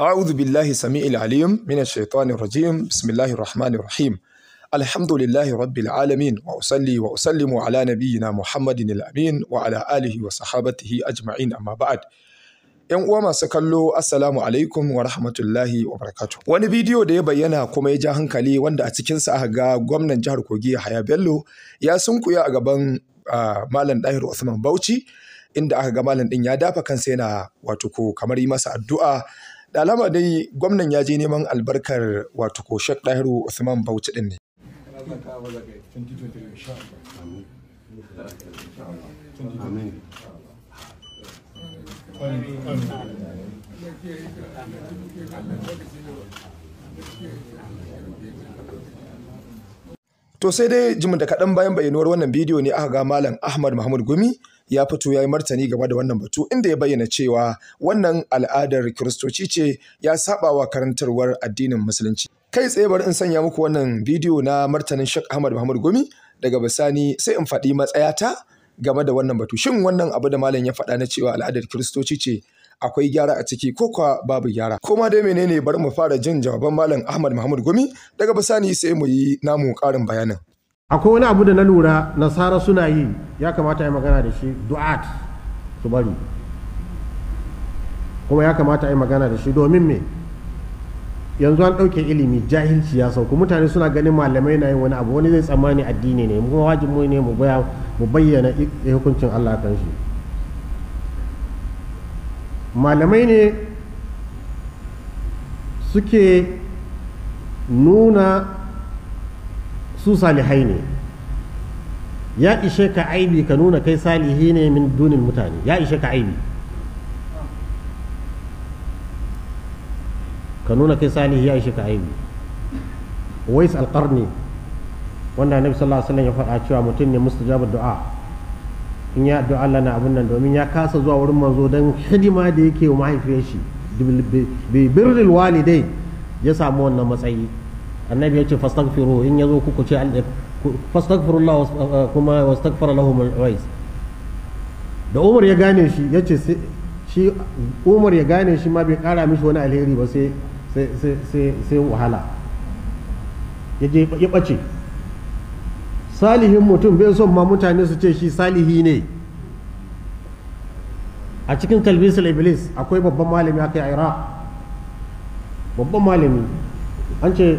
أعوذ بالله سميع العليم من الشيطان الرجيم بسم الله الرحمن الرحيم الحمد لله رب العالمين وأصلي وأسلم على نبينا محمد الأمين وعلى آله وصحابته أجمعين أما بعد ‘Yan uwa masu kallo, Assalamu alaikum wa rahmatullahi wa barakatu. Wani bidiyo da ya bayyana kuma ya ja hankali wanda a cikinsa aka ga gwamnan jihar Kogi Haya Bello ya sunkuya a gaban Malam Dahir Usman Bauchi inda aka ga malam din ya dafa kansa yana wato ko kamar yi masa addu'a da alama dai gwamnan ya je neman albarkar wato ko shek Dahiru Usman Bauchi din ne To sai dai jimin da kaɗan bayan bayyanuwar wannan bidiyo ne aka ga Malam Ahmad Mahmud Gumi ya fito ya yi martani game da wannan batu inda ya bayyana cewa wannan al'adar kiristoci ce ya saba wa karantarwar addinin musulunci kai tsaye bari in sanya muku wannan bidiyo na martanin Sheikh Ahmad Muhammad Gumi daga bisani sai in faɗi matsayata game da wannan batu shin wannan abu da malam ya faɗa na cewa al'adar kiristoci ce akwai gyara a ciki ko kwa babu gyara ko ma dai menene bari mu fara jin jawaban malam Ahmad Muhammad Gumi daga bisani sai mu yi namu ƙarin bayanin akwai wani abu da na lura nasara suna yi ya kamata yi magana da shi du'at su bari kuma ya kamata yi magana da shi domin me yanzu an ɗauke ilimi jahilci ya sauku mutane suna ganin malamai na yin wani abu wani zai tsammani addini ne mu wajibi ne mu bayyana hukuncin Allah kan shi malamai ne suke nuna su salihai ne ya ishe ka aibi ka nuna kai salihi ne min dunin mutane ya ishe ka aibi ka nuna kai salihi ya ishe ka aibi wais alqarni wanda annabi sallallahu alaihi wasallam ya faɗa cewa mutum ne mustajabu du'a in ya addu'a Allah na abun nan domin ya kasa zuwa wurin manzo don hidima da yake wa mahaifiyar shi bi birril walidai ya samu wannan matsayi annabi ce fastaghfiru in ya zo ku ce fastaghfirullah kuma wastaghfara lahum al-uwais da Umar ya gane shi yace shi Umar ya gane shi ma bai kara mishi wani alheri ba sai sai sai wahala yaje ya bace salihin mutum bai son ma mutane su ce shi salihi ne a cikin talbisul iblis akwai babban malami aka yi iraq babban malami an ce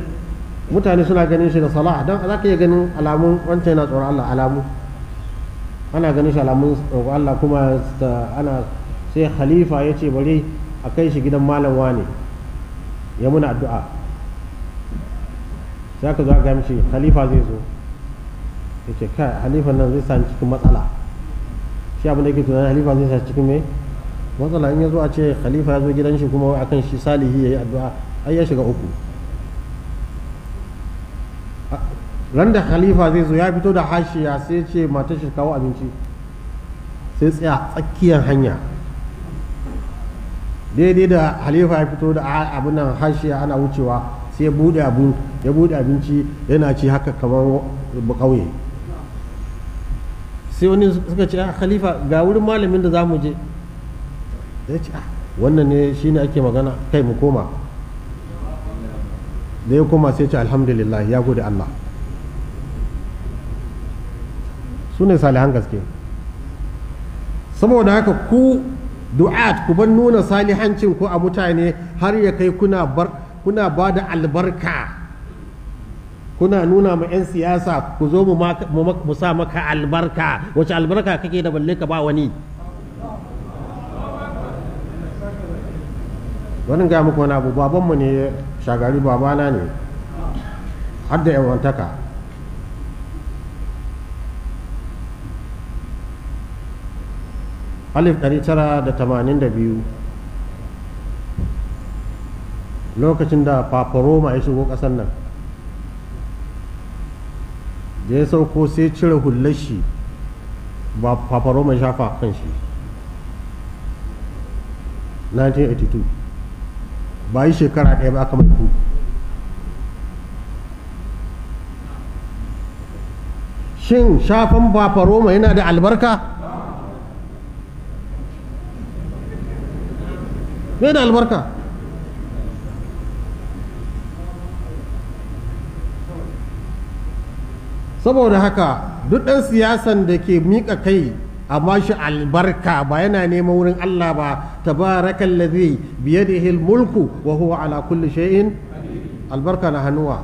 mutane suna ganin shi da salaha don za ka iya ganin alamun wancan yana tsoron Allah alamu ana ganin shi alamun tsoron Allah kuma ana sai khalifa ya ce bari a kai shi gidan malam wane ya muna addu'a sai ka zo ga mishi khalifa zai zo ya ce kai halifa nan zai sani cikin matsala shi abin da yake tunanin halifa zai sani cikin mai matsala in ya zo a ce khalifa ya zo gidan shi kuma akan shi salihi ya yi addu'a ai ya shiga uku ran da khalifa zai zo ya fito da hashiya sai ce mata shi kawo abinci sai tsaya tsakiyar hanya daidai da halifa ya fito da abin nan hashiya ana wucewa sai ya bude abu ya bude abinci yana ci haka kamar kauye sai wani suka ce ah, khalifa ga wurin malamin da za mu je ya ce ah, wannan ne ne ake magana kai mu koma da ya koma sai ce alhamdulillah ya gode Allah su ne salihan gaske saboda haka ku du'at ku ban nuna salihancin ku a mutane har ya kai kuna ba da albarka kuna nuna ma 'yan siyasa ku zo mu sa maka albarka wace albarka kake da balle ka ba wani wani ga muku wani abu babanmu ne shagari babana ne har da yawantaka 1982 lokacin da roma ya shigo ƙasar nan da ya sauko sai cire hular shi ba paparoma ya shafa kan shi 1982 ba yi shekara ɗaya ba aka mai ku shin shafan roma yana da albarka bai da albarka saboda haka duk ɗan siyasan da ke miƙa kai amma shi albarka ba yana neman wurin Allah ba ta ladhi biyadihi mulku wa huwa ala kulli shay'in albarka na hannuwa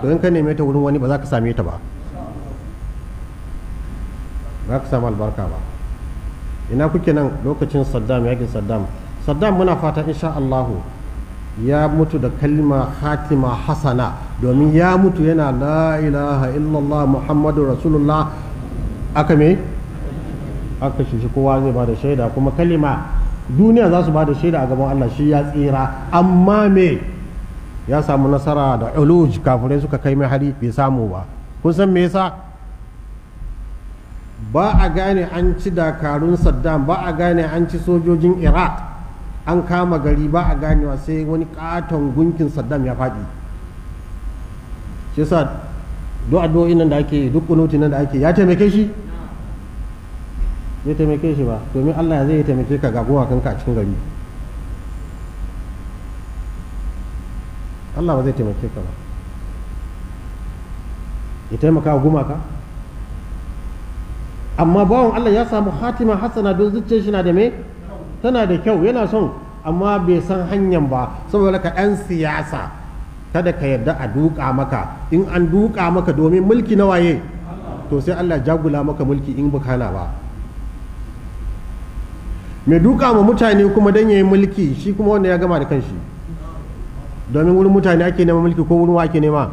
to in ka neme ta wurin wani ba za ka same ta ba ba ka samu albarka ba ina kuke nan lokacin saddam yakin saddam saddam muna fata insha allahu ya mutu da kalma hatima hasana domin ya mutu yana la ilaha illallah muhammadu rasulullah aka me aka shi kowa zai ba da shaida kuma kalima duniya za su ba da shaida a gaban allah shi ya tsira amma me ya samu nasara da uluj kafirai suka kai mai hari bai samu ba kun san me yasa ba a gane an ci dakarun saddam ba a gane an ci sojojin iraq an kama gari ba a ganewa sai wani katon gunkin saddam ya faɗi shi sa duk addu'o'in nan da ake duk kunuti nan da ake ya taimake shi ya taimake shi ba domin allah ya zai ya taimake ka ga kanka a cikin gari allah ba zai taimake ka ba ya taimaka wa gumaka amma bawan allah ya samu hatima hassana don zuciyar shi na da me tana da kyau yana son amma bai san hanyar ba saboda ka ɗan siyasa kada ka yarda a duka maka in an duka maka domin mulki na waye to sai Allah jagula maka mulki in bukana ba mai duka ma mutane kuma don yayi mulki shi kuma wanda ya gama da kanshi domin wurin mutane ake nema mulki ko wurin ake nema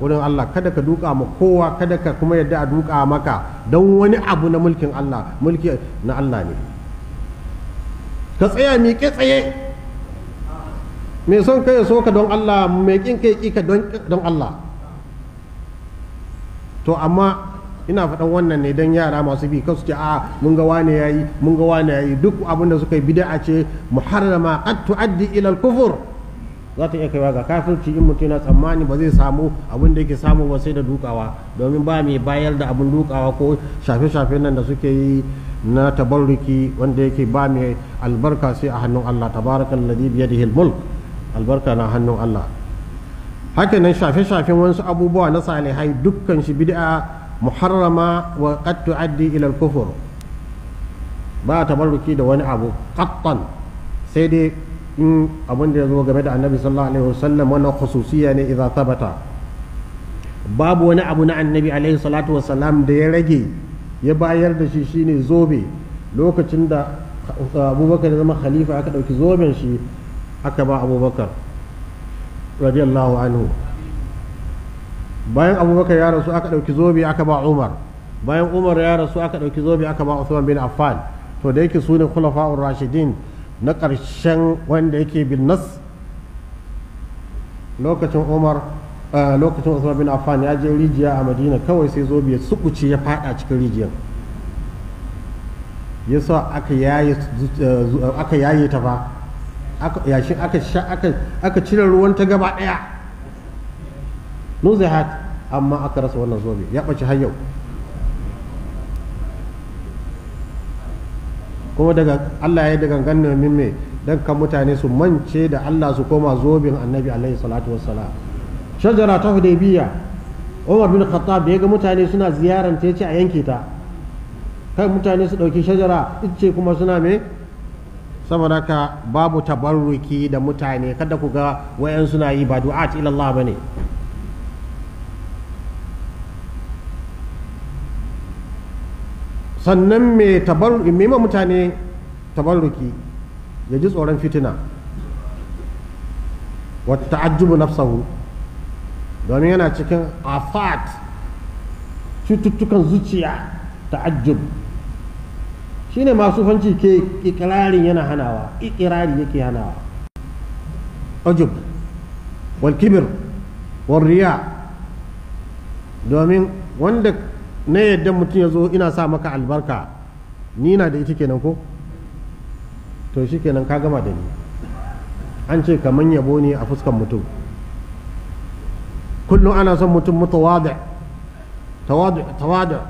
wurin Allah kada ka duka ma kowa kada ka kuma yarda a duka maka don wani abu na mulkin Allah mulki na Allah ne ka tsaya miƙe tsaye mai son ka so ka don Allah mai ƙin ka ƙi ka don Allah to amma ina faɗan wannan ne don yara masu bi kasu ce a mun ga wane yayi mun ga wane yayi duk abin da suka yi bid'a ce muharrama qad tuaddi ila kufur za ta iya kaiwa ga kafirci in mutum yana tsammani ba zai samu abin da yake samu ba sai da dukawa domin ba mai bayar da abin dukawa ko shafe-shafe nan da suke yi na tabarruki wanda yake ba mai albarka sai a hannun Allah tabarakal ladhi bi yadihi mulk albarka na hannun Allah haka nan shafe-shafen wasu abubuwa na salihai dukkan shi bid'a muharrama wa qad tuaddi ila al-kufr ba tabarruki da wani abu qattan sai dai in abin da ya zo game da annabi sallallahu alaihi wasallam wannan khususiya ne idza thabata babu wani abu na annabi alaihi salatu wasallam da ya rage ya bayar da shi shine zobe lokacin da uh, abubakar zama khalifa aka ɗauki zoben shi aka ba abubakar radiyallahu anhu bayan abubakar ya rasu aka ɗauki zobe aka ba umar bayan umar ya rasu aka ɗauki zobe aka ba usman bin affan to da yake su ne khulafa'ur rashidin na ƙarshen wanda yake bin nas lokacin umar lokacin usman bin affan ya je rijiya a madina kawai sai zobe ya sukuce ya fada cikin rijiyar ya sa aka yaye ta fa yashin aka cire ruwan ta gaba daya nuzihat amma aka rasa wannan zobe ya ɓace har yau kuma daga Allah ya yi daga ganin domin me dan kan mutane su mance da Allah su koma zobin annabi alaihi salatu wassalam shajara ta hudaybiya Umar bin Khattab ya ga mutane suna ziyaran ta yace a yanke ta kai mutane su dauki shajara ice kuma suna me saboda ka babu tabarruki da mutane kada ku ga wayan suna yi ba du'at ila Allah bane sannan mai mema mutane tabarruki ya ji tsoron fitina wata na nafsahu domin yana cikin afat cututtukan zuciya ta'ajjub shine masu fanci ke ikirarin yana hanawa ikirari yake hanawa ajub wal kibir wal riya domin wanda na yadda mutum ya zo ina sa maka albarka ni na da ita kenan ko to shi kenan ka gama da ni an ce kamar yabo ne a fuskan mutum kullum ana son mutum mutawada tawada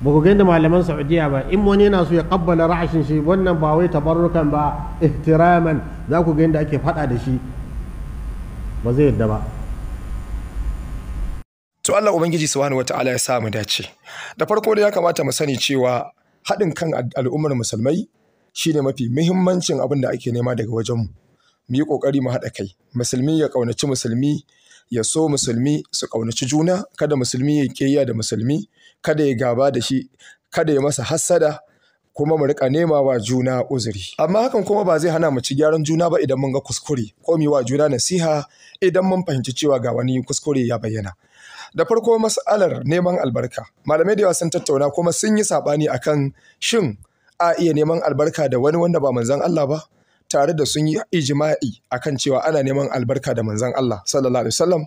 ba ku da malaman saudiya ba in wani yana so ya kabbala ra'ashin shi wannan ba wai tabarrukan ba ihtiraman za ku ga yadda ake fada da shi ba zai yadda ba to Allah ubangiji subhanahu wataala ya sa mu dace da farko da ya kamata mu sani cewa haɗin kan al'ummar musulmai shine mafi muhimmancin abin da ake nema daga wajenmu mu yi ƙoƙari mu haɗa kai musulmi ya ƙaunaci musulmi ya so musulmi su ƙaunaci juna kada musulmi ya keya da musulmi kada ya gaba da shi kada ya masa hassada kuma mu rika nema wa juna uzuri amma hakan kuma ba zai hana mu ci gyaran juna ba idan mun ga kuskure ko mu wa juna nasiha idan mun fahimci cewa ga wani kuskure ya bayyana da farko matsalar neman albarka malamai da yawa sun tattauna kuma sun yi saɓani akan shin a iya neman albarka da wani wanda ba manzan Allah ba tare da sun yi ijima'i akan cewa ana neman albarka da manzan Allah sallallahu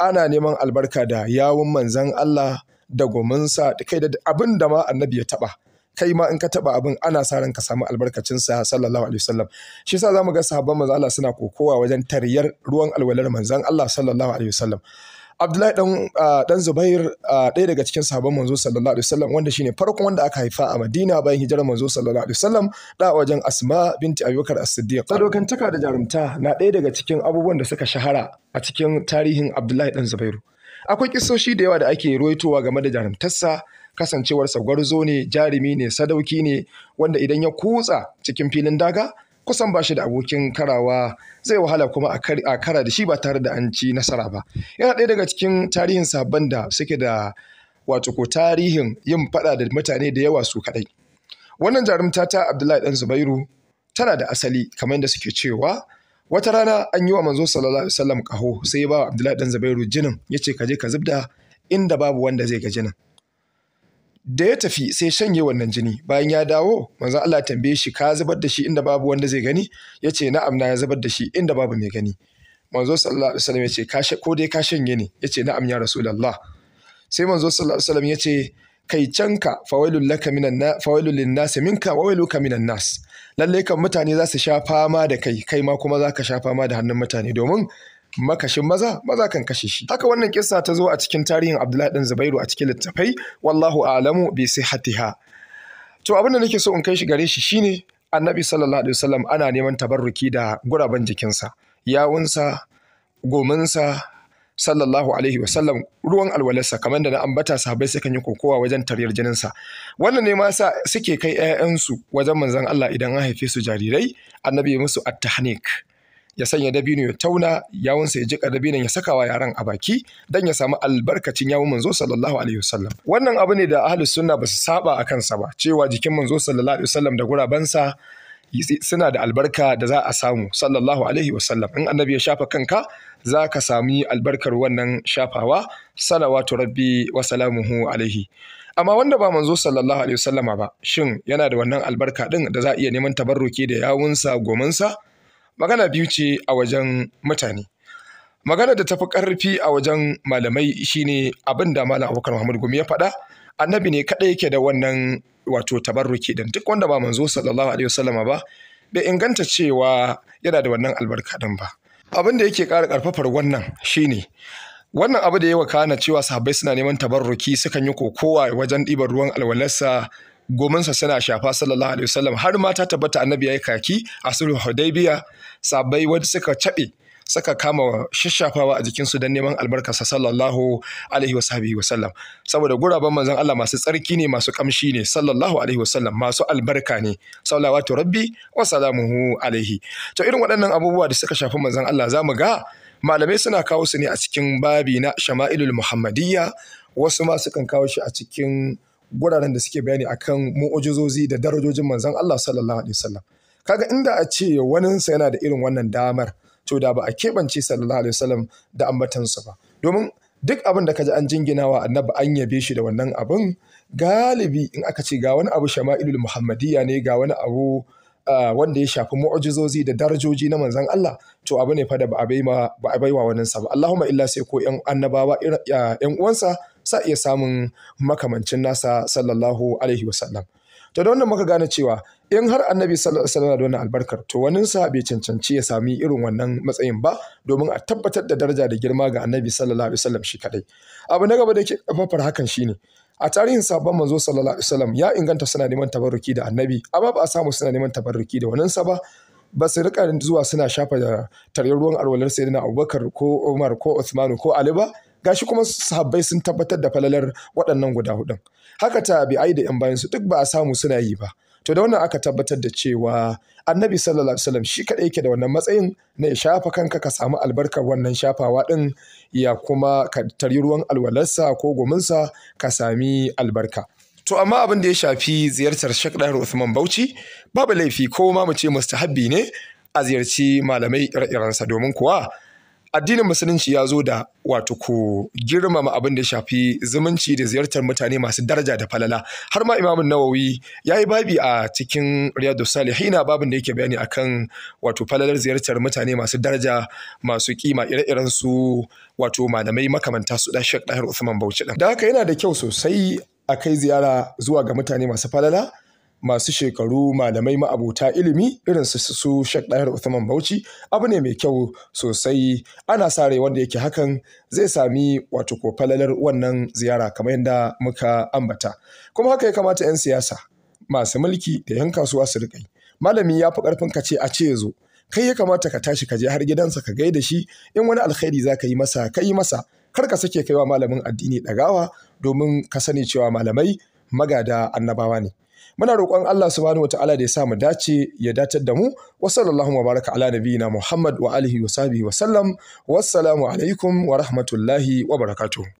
ana neman albarka da yawun manzan Allah da gominsa da kai da abin da ma annabi ya taba kai ma in ka taba abin ana sa ran ka samu albarkacin sa sallallahu alaihi wasallam shi yasa zamu ga sahabban manzon Allah suna kokowa wajen tariyar ruwan alwalar manzon Allah sallallahu alaihi wasallam Abdullahi dan ah, dan Zubair ah, ɗaya daga cikin sahabban manzo sallallahu alaihi wasallam wanda shine farkon wanda aka haifa a Madina bayan hijirar manzo sallallahu alaihi wasallam da wajen Asma binti Bakar As-Siddiq. Sadokantaka da jarumta na ɗaya daga cikin abubuwan da suka shahara a cikin tarihin Abdullahi dan Zubairu. Akwai kisoshi da yawa da ake ruwaitowa game da jarumtarsa kasancewarsa gwarzo ne jarumi ne sadauki ne wanda idan ya kutsa cikin filin daga kusan ba shi da abokin karawa zai wahala kuma a kara da shi ba tare da an ci nasara ba yana ɗaya daga cikin tarihin sabon da suke da wato ko tarihin yin faɗa da mutane da yawa su kaɗai wannan jarumta ta abdullahi ɗan zubairu tana da asali kamar da suke cewa wata rana an yi wa manzo sallallahu alaihi wasallam kaho sai ya ba abdullahi ɗan zubairu jinin ya ce ka je ka zubda inda babu wanda zai ga jinin da ya tafi sai shanye wannan jini bayan ya dawo manzon Allah tambaye shi ka zubar da shi inda babu wanda zai gani ya ce na'am na ya zubar da shi inda babu mai gani manzo sallallahu alaihi wasallam ya ce ko dai ka shanye ne ya ce na'am ya rasulullah sai manzo sallallahu alaihi wasallam ya ce kai canka fawailul laka minan na fawailul linnas minka wawailuka minan nas lalle kan mutane za su sha fama da kai kai ma kuma za ka sha fama da hannun mutane domin makashin maza maza kan kashe shi haka wannan kissa ta zo a cikin tarihin Abdullahi dan Zubairu a cikin littafai wallahu a'lamu bi sihhatiha to abin da nake so in kai shi gare shi shine annabi sallallahu alaihi wasallam ana neman tabarruki da guraben jikinsa yawunsa gominsa sallallahu alaihi wasallam ruwan alwalarsa kamar da na ambata sahabbai sukan yi kokowa wajen tariyar jininsa wannan ne ma sa suke kai ƴaƴansu wajen manzon Allah idan an haife su jarirai annabi musu at-tahnik ya sanya dabino ya tauna yawunsa ya jika dabinon ya sakawa yaran a baki dan ya samu albarkacin yawun manzo sallallahu alaihi wasallam wannan abu ne da ahlus sunna ba su saba a kansa ba cewa jikin manzo sallallahu alaihi wasallam da gurabansa suna da albarka da za a samu sallallahu alaihi wasallam in annabi ya shafa kanka za ka sami albarkar wannan shafawa salawatu rabbi wa salamuhu alaihi amma wanda ba manzo sallallahu alaihi wasallama ba shin yana da wannan albarka din da za a iya neman tabarruki da yawunsa gomansa magana biyu ce a wajen mutane magana da tafi ƙarfi a wajen malamai shine abin da malam abubakar muhammad gumi ya faɗa annabi ne kaɗai yake da wannan wato tabarruki din duk wanda ba manzo sallallahu alaihi wasallama ba bai inganta cewa yana da wannan albarka din ba abin da yake ƙara ƙarfafar wannan shine wannan abu da ya wakana cewa sahabbai suna neman tabarruki sukan yi kokowa wajen ɗiban ruwan alwalarsa gomansa suna shafa sallallahu alaihi wasallam har ma ta tabbata annabi yayi kaki a sulhu hudaybiya sabai wanda suka cabe suka kama shashafawa a jikinsu dan neman albarkarsa sallallahu alaihi wa wasallam saboda guraban manzon Allah masu tsarki ne masu kamshi ne sallallahu alaihi wasallam masu albarka ne salawatu rabbi wa salamuhu alaihi to irin waɗannan abubuwa da suka shafi manzon Allah zamu ga malamai suna kawo su ne a cikin babi na shama'ilul muhammadiyya wasu ma sukan kawo shi a cikin guraren da suke bayani akan mu'ujizozi da darajojin manzon Allah sallallahu alaihi wasallam kaga inda a ce waninsa yana da irin wannan damar to da ba a keɓance sallallahu alaihi wasallam da sa ba domin duk abin da kaji an jingina wa annabi an yabe shi da wannan abin galibi in aka ce ga wani abu shama'ilul muhammadiyya ne ga wani abu wanda ya shafi mu'ujizozi da darajoji na manzon Allah to abu ne fa da ba a baiwa sa ba Allahumma illa sai ko 'yan annabawa 'yan uwansa sa iya samun makamancin nasa sallallahu alaihi wasallam to da wannan muka gane cewa in har annabi sallallahu alaihi wasallam da albarkar to sa bai cancanci ya sami irin wannan matsayin ba domin a tabbatar da daraja da girma ga annabi sallallahu alaihi wasallam shi kadai abu na gaba da ke kafafar hakan shi ne. a tarihin sabon manzo sallallahu alaihi wasallam ya inganta suna neman tabarruki da annabi amma ba a samu suna neman tabarruki da waninsa ba ba su rika zuwa suna shafa da tarin ruwan alwalar sayyidina abubakar ko umar ko usman ko ali ba gashi kuma sahabbai sun tabbatar da falalar waɗannan guda hudun haka ta, tabi'ai da yan bayan su duk ba a samu suna yi ba to da wannan aka tabbatar da cewa annabi sallallahu alaihi wasallam shi kadai yake da wannan matsayin na ya shafa kanka ka samu albarkar wannan shafawa din ya kuma ka tari ruwan alwalarsa ko gominsa ka sami albarka to amma abin da ya shafi ziyartar Sheikh Dahir Uthman Bauchi babu laifi ko ma mu ce mustahabbi ne a ziyarci malamai ire-irensa domin kuwa addinin musulunci ya zo da wato ko girmama abin da shafi zumunci da ziyartar mutane masu daraja da falala har ma imamun nawawi ya yi babi a cikin riyadu salihina babin da yake bayani akan wato falalar ziyartar mutane masu daraja masu kima ire-iren su wato malamai makamanta su da shek ɗahar usman bauchi da haka yana da kyau sosai a kai ziyara zuwa ga mutane masu falala masu shekaru malamai ma'abuta ilimi irin su su Sheikh usman Bauchi abu ne mai kyau sosai ana sa rai wanda yake hakan zai sami wato ko falalar wannan ziyara kamar yadda muka ambata kuma haka ya kamata 'yan siyasa masu mulki da 'yan kasuwa su riƙa yi malami ya fi ƙarfin ka ce a ce zo kai ya kamata ka tashi ka je har gidansa ka gaida shi in wani alkhairi za ka yi masa ka yi masa kar ka sake kaiwa malamin addini ɗagawa domin ka sani cewa malamai magada annabawa ne muna roƙon Allah subhanahu wataala da ya sa mu dace ya datar da mu wa sallallahu wa baraka ala nabiyina Muhammad wa alihi wa sahbihi wa sallam wassalamu alaikum wa rahmatullahi wa barakatuh